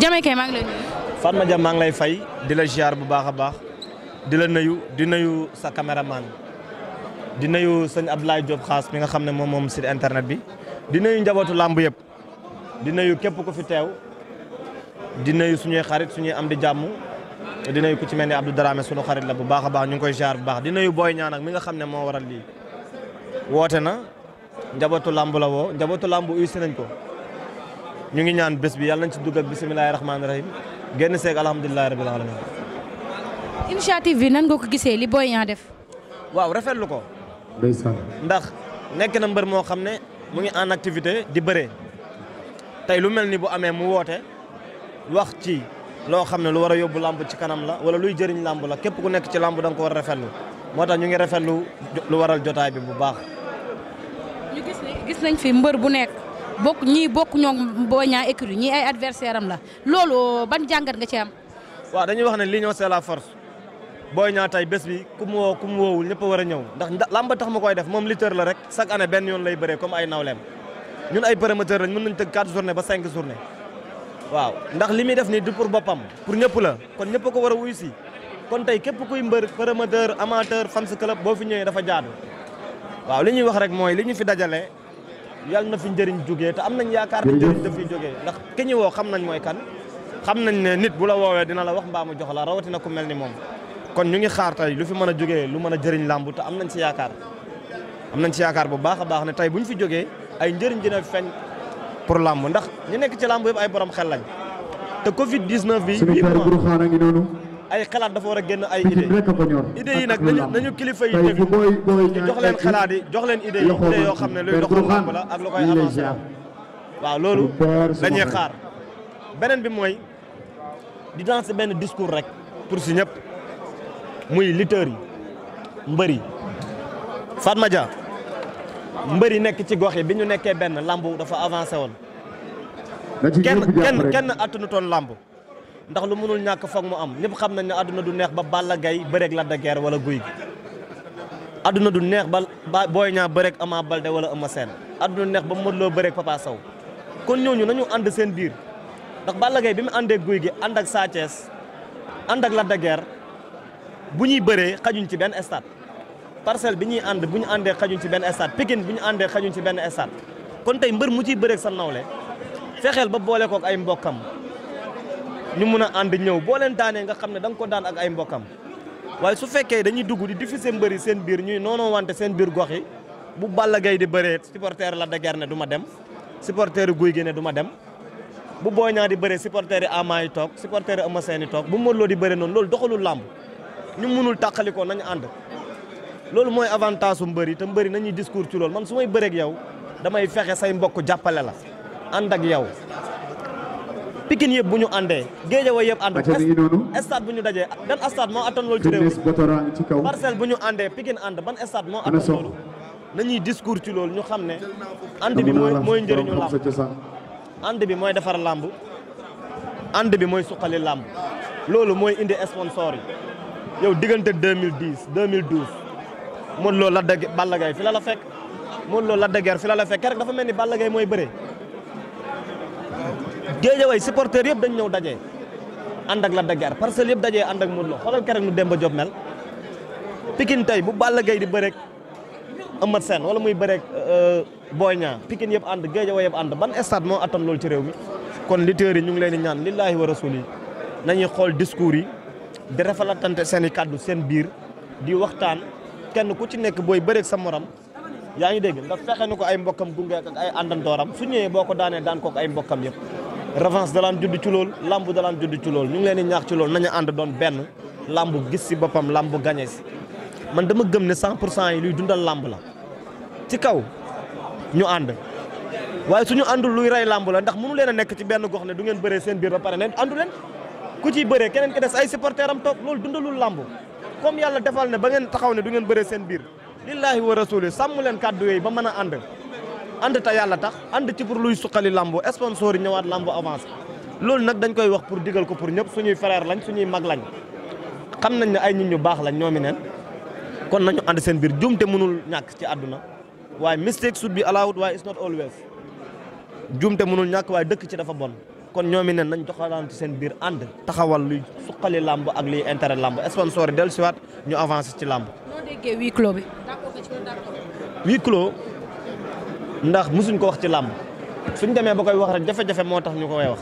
Jame kay maa ngi lay nuyu. maa ngi lay fay di la ziar bu baax a baax di la nuyu di nuyu sa caméraman di nuyu sëñ Abdoulaye Diop xaas mi nga xam ne moom moom site internet bi di nuyu njabootu làmb yëpp di nuyu képp ku fi teew di nuyu suñuy xarit su ñuy am di jàmm di nuyu ku ci mel ni Abdou Dramé sunu xarit la bu baax a baax ñu ngi koy ziar bu baax di nayu booy Niang ak mi nga xam ne moo waral lii woote na njabootu làmb la woo njabootu làmb uysi nañ ko. ñu ngi ñaan bés bi yàlla nañ ci dugg ak bisimilahi rahmaani rahim génn seeg alhamdulilahi rabil alamin initiative bi nan nga ko gisee li Boy Niang def. waaw rafetlu ko. ndeysaan. ndax nekk na mbër moo xam ne mu ngi en activité di bëre tey lu mel ni bu amee mu woote wax ci loo xam ne lu war a yóbbu làmb ci kanam la wala luy jëriñ làmb la képp ku nekk ci làmb da nga ko war a rafetlu moo tax ñu ngi rafetlu lu waral jotaay bi bu baax. ñu gis ne gis nañ fi mbër bu nekk. bokk ñii bokk ñoo boo Niang écurie ñii ay adversaire am la loolu ban jàngat nga ci am. waaw dañuy wax ne li c'est la force boo Niang tey bés bi ku mu woo ku mu woowul ñëpp a war a ñëw ndax lam ba tax ma koy def moom lutteur la rek chaque année benn yoon lay bëree comme ay nawleem ñun ay promoteur lañ mën nañ tëgg 4 journée ba 5 journée waaw ndax li muy def ni du pour boppam pour ñëpp la kon ñëpp ko war a wuyu si kon tey képp kuy mbër promoteur amateur fans club boo fi ñëwee dafa jaadu waaw li ñuy wax rek mooy li ñu fi dajale yàlla na fi njëriñ jógee te am nañ yaakaar ne njëriñ dafiy jógee ndax ki ñu woo xam nañ mooy kan xam nañ ne nit bu la woowee dina la wax mbaam mu jox la rawatina ku mel ni moom kon ñu ngi xaar tey lu fi mën a jógee lu mën a jëriñ làmb te am nañ si yaakaar am nañ si yaakaar bu baax a baax ne tey bu ñu fi jógee ay njëriñ dina feeñ pour làmb ndax ñu nekk ci làmb yëpp ay borom xel lañ te Covid 19 bi. yëpp ay xalaat dafa war a génn ay idée idée yi nag nañu kilifa yi déglu ñu jox leen xalaat yi jox leen idée yi idée yoo xam ne luy doxal làmb la ak lu koy avancé waaw loolu la xaar beneen bi mooy di lancer benn discours rek pour si ñëpp muy lutteurs yi mbër yi Fatma Dia yi nekk ci gox yi bi ñu nekkee benn làmb dafa avancé woon kenn kenn kenn attunutoon làmb ndax lu mënul ñàkk foog mu am ñëpp xam nañ ne àdduna du neex ba Balla Gaye bëreeg Lac de Guiers wala Gouye Gui du neex ba Boy Niang bëreeg Ama Baldé wala Eumeu Sène àdduna neex ba Modou Lo bëreeg Papa Sow kon ñooñu nañu ànd seen biir ndax Balla gay bi mu àndee Gouye Gui ànd ak Sa Thiès ànd ak Lac de bu ñuy bëree xajuñ ci benn stade parcelle bi ñuy ànd bu ñu àndee xajuñ ci benn stade Pikine bu ñu àndee xajuñ ci benn stade kon tey mbër mu ciy bëreeg sa nawle fexeel ba boole kook ay mbokkam ñu mun a ànd ñëw boo leen daanee nga xam ne danga nga ko daan ak ay mbokkam waaye su fekkee dañuy dugg di diffuser mbëri seen biir ñuy noonu wante seen biir gox yi bu Balla Gaye di bëree supporter la de guerre ne du dem supporter guy gi ne du dem bu Boy Niang di bëree supporter yi Ama yi toog supporter yi Eumeu Sène yi toog bu Modou Lô di bëree noonu loolu doxalul làmb ñu munul tàqali ko nañu ànd loolu mooy avantage su mbëri te mbëri nañuy discours ci loolu man su may bëreeg yow damay fexe say mbokk jàppale la ànd ak yow Pikine yëpp bu ñu àndee Géejawaay yëpp ànd stade bu ñu dajee ban stade moo attan loolu ci réew mi parcelle bu ñu àndee Pikine ànd ban stade moo attan loolu nañuy discours ci loolu ñu xam ne ànd bi mooy mooy njëriñu làmb ànd bi mooy defar làmb ànd bi mooy suqali làmb loolu mooy indi sponsor yi yow diggante 2010 2012 Modou Lo Lac de Guiers Balla Gaye fi la la fekk a Lo Lac de Guiers fi la la fekk rek dafa mel ni Balla Gaye mooy bëre géejawaay supporters yëpp dañ ñëw daje ànd ak Lac de Guiers Parcelles yëpp daje ànd ak Modou Lo xoolal keroog nu Demba Diop mel Pikine tey bu Balla Gaye di bëreeg Eumeu Sène wala muy bëreeg euh, Boy ñaa Pikine yëpp ànd géejawaay yëpp ànd ban stade moo attan loolu ci réew mi kon lutteurs yi ñu ngi leen di ñaan lillaahi wa rasul yi nañuy xool diskuur yi di refalatante seen i kàddu seen biir di waxtaan kenn ku ci nekk booy bëreeg sa morom yaa ngi dégg ndax fexe na ko ay mbokkam gunge ak ay àndandooram su ñëwee boo ko daanee daan ay mbokkam yëpp revanche dalaan daan ci lool làmb dalaan daan judd ci lool ñu ngi leen di ñaax ci lool nañu ànd doon benn lamb gis si boppam lamb gañe si man dama gëm ne 100 pour cent yi luy dundal làmb la ci kaw ñu ànd waaye suñu àndul luy rey lamb la ndax mënu leen a nekk ci benn gox ne du ngeen bëree seen biir ba pare ne àndu leen ku ciy bëree keneen ki des ay supporter am toog loolu dundalul lamb comme yàlla defal ne ba ngeen taxaw ne du ngeen bëree seen biir lillahi wa rasuli sàmm leen kàddu yooyu ba mën a ànd ànd te yàlla tax ànd ci pour luy suqali lambu sponsor yi ñëwaat lambu avancé loolu nag dañ koy wax pour digal ko pour ñëpp suñuy frère lañ suñuy mag lañ xam nañ ne ay nit ñu baax lañ ñoomi neen kon nañu ànd seen biir jumte mënul ñàkk ci àdduna waaye mistake should be allowed waaye it's not always jumte mënul ñàkk waaye dëkk ci dafa bon kon ñoomi neen nañ doxalaan ci seen biir ànd taxawal luy suqali làmb ak liy intérêt lamb sponsor yi dellu siwaat ñu avancé ci lamb ndax mësuñ ko wax ci làmb ñu demee ba koy wax rek jafe-jafe moo tax ñu koy wax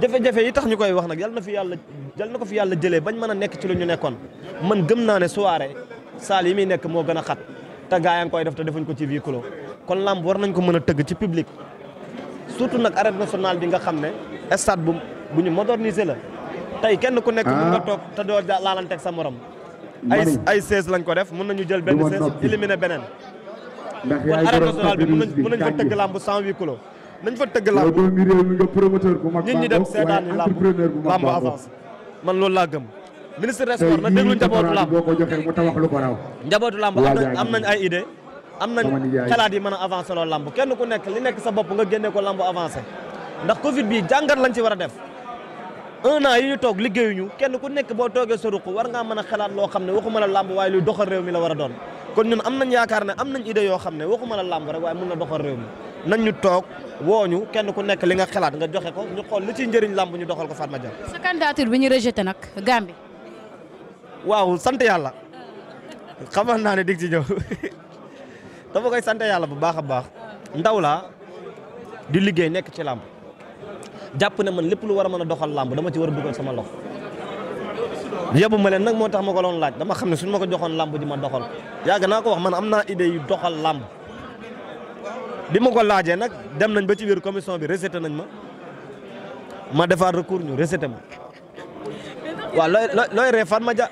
jafe-jafe yi tax ñu koy wax nag yal na fi yàlla yal na ko fi yàlla jëlee bañ mën a nekk ci lu ñu nekkoon man gëm naa ne soirée saal yi muy nekk moo gën a xat te gaa ngi koy def te defuñ ko ci huis kon làmb war nañ ko mën a tëgg ci public surtout nag arène nationale bi nga xam ne stade bu bu ñu moderniser la tey kenn ku nekk mën nga ah. toog te door doo laalanteek sa morom ay ay seize lañ ko def mën nañu jël benn seize éliminer beneen ndax yaay arène nationale bi mën nañ fa tëgg làmb sans huis clos nañ fa tëgg làmb doomi avance man loolu laa ministre des sports na déglu njabootu làmb boo ko lu njabootu làmb kenn ku nekk li nekk sa bopp nga génnee ko làmb avancé ndax covid bi jàngat lañ ci war a def un an yi ñu toog liggéeyuñu kenn ku nekk boo toogee sa ruq war nga mën a xalaat loo xam ne waxuma la làmb waaye luy doxal réew mi la war a doon kon ñun am nañ yaakaar ne am nañ idée yoo xam ne waxuma la làmb rek waaye mën na doxal réew mi nañ ñu toog wooñu kenn ku nekk li nga xalaat nga joxe ko ñu xool li ciy njëriñ làmb ñu doxal ko Fatma Dia. sa candidature bi ñu rejeté nag Gambie. waaw sant yàlla xamal naa ne dig ci ñëw dafa koy sant yàlla bu baax a baax ndaw laa di liggéey nekk ci làmb jàpp ne man lépp lu war a mën a doxal làmb dama ci war a dugal sama loxo. yabu ma leen nag moo tax ma ko doon laaj dama xam ne suñ ma ko joxoon làmb ji ma doxal yàgg naa ko wax man am naa idée yu doxal làmb bi ma ko laajee nag dem nañ ba ci biir commission bi rejeté nañ ma ma defaat recours ñu rejeté ma waaw looy looy ree Fatma Dia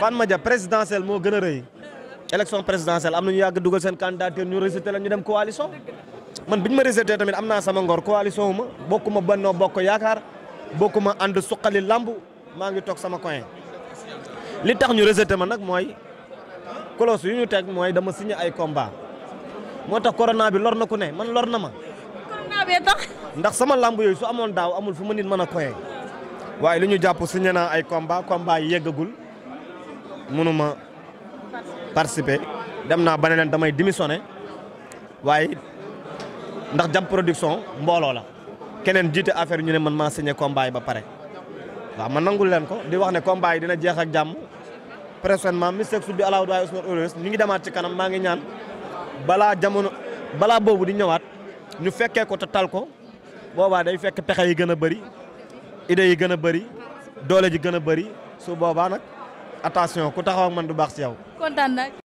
Fatma Dia présidentielle moo gën a rëy élection présidentielle am na ñu yàgg dugal seen candidature ñu rejeté la ñu dem coalition man bi ñu ma rejeté tamit am naa sama ngor coalition wu ma bokkuma Benno Bokk Yaakaar bokkuma ànd suqali làmb maa ngi toog sama coin li tax ñu rejeté ma nag mooy close yu ñu teg mooy dama signé ay combat moo tax corona bi lor na ku ne man lor na ma. ndax sama lamb yooyu su amoon daaw amul fu ma nit mën a koyee waaye li ñu jàpp signé naa ay combat combat yi yeggagul mënuma participer dem naa ba ne leen damay démissionné waaye ndax jam production mbooloo la keneen jiite affaire ñu ne man maa signé combat yi ba pare. waa man nangul leen ko di wax ne combat yi dina jeex ak jàmm présentement Mister Shut bi Alaahu Duwaaye Ousmane Oles ñu ngi demaat ci kanam maa ngi ñaan balaa jamono balaa boobu di ñëwaat ñu fekkee ko te tal ko boobaa day fekk pexe yi gën a bëri idées yi gën a bëri doole ji gën a bëri su boobaa nag attention ku taxaw ak man du baax si yow.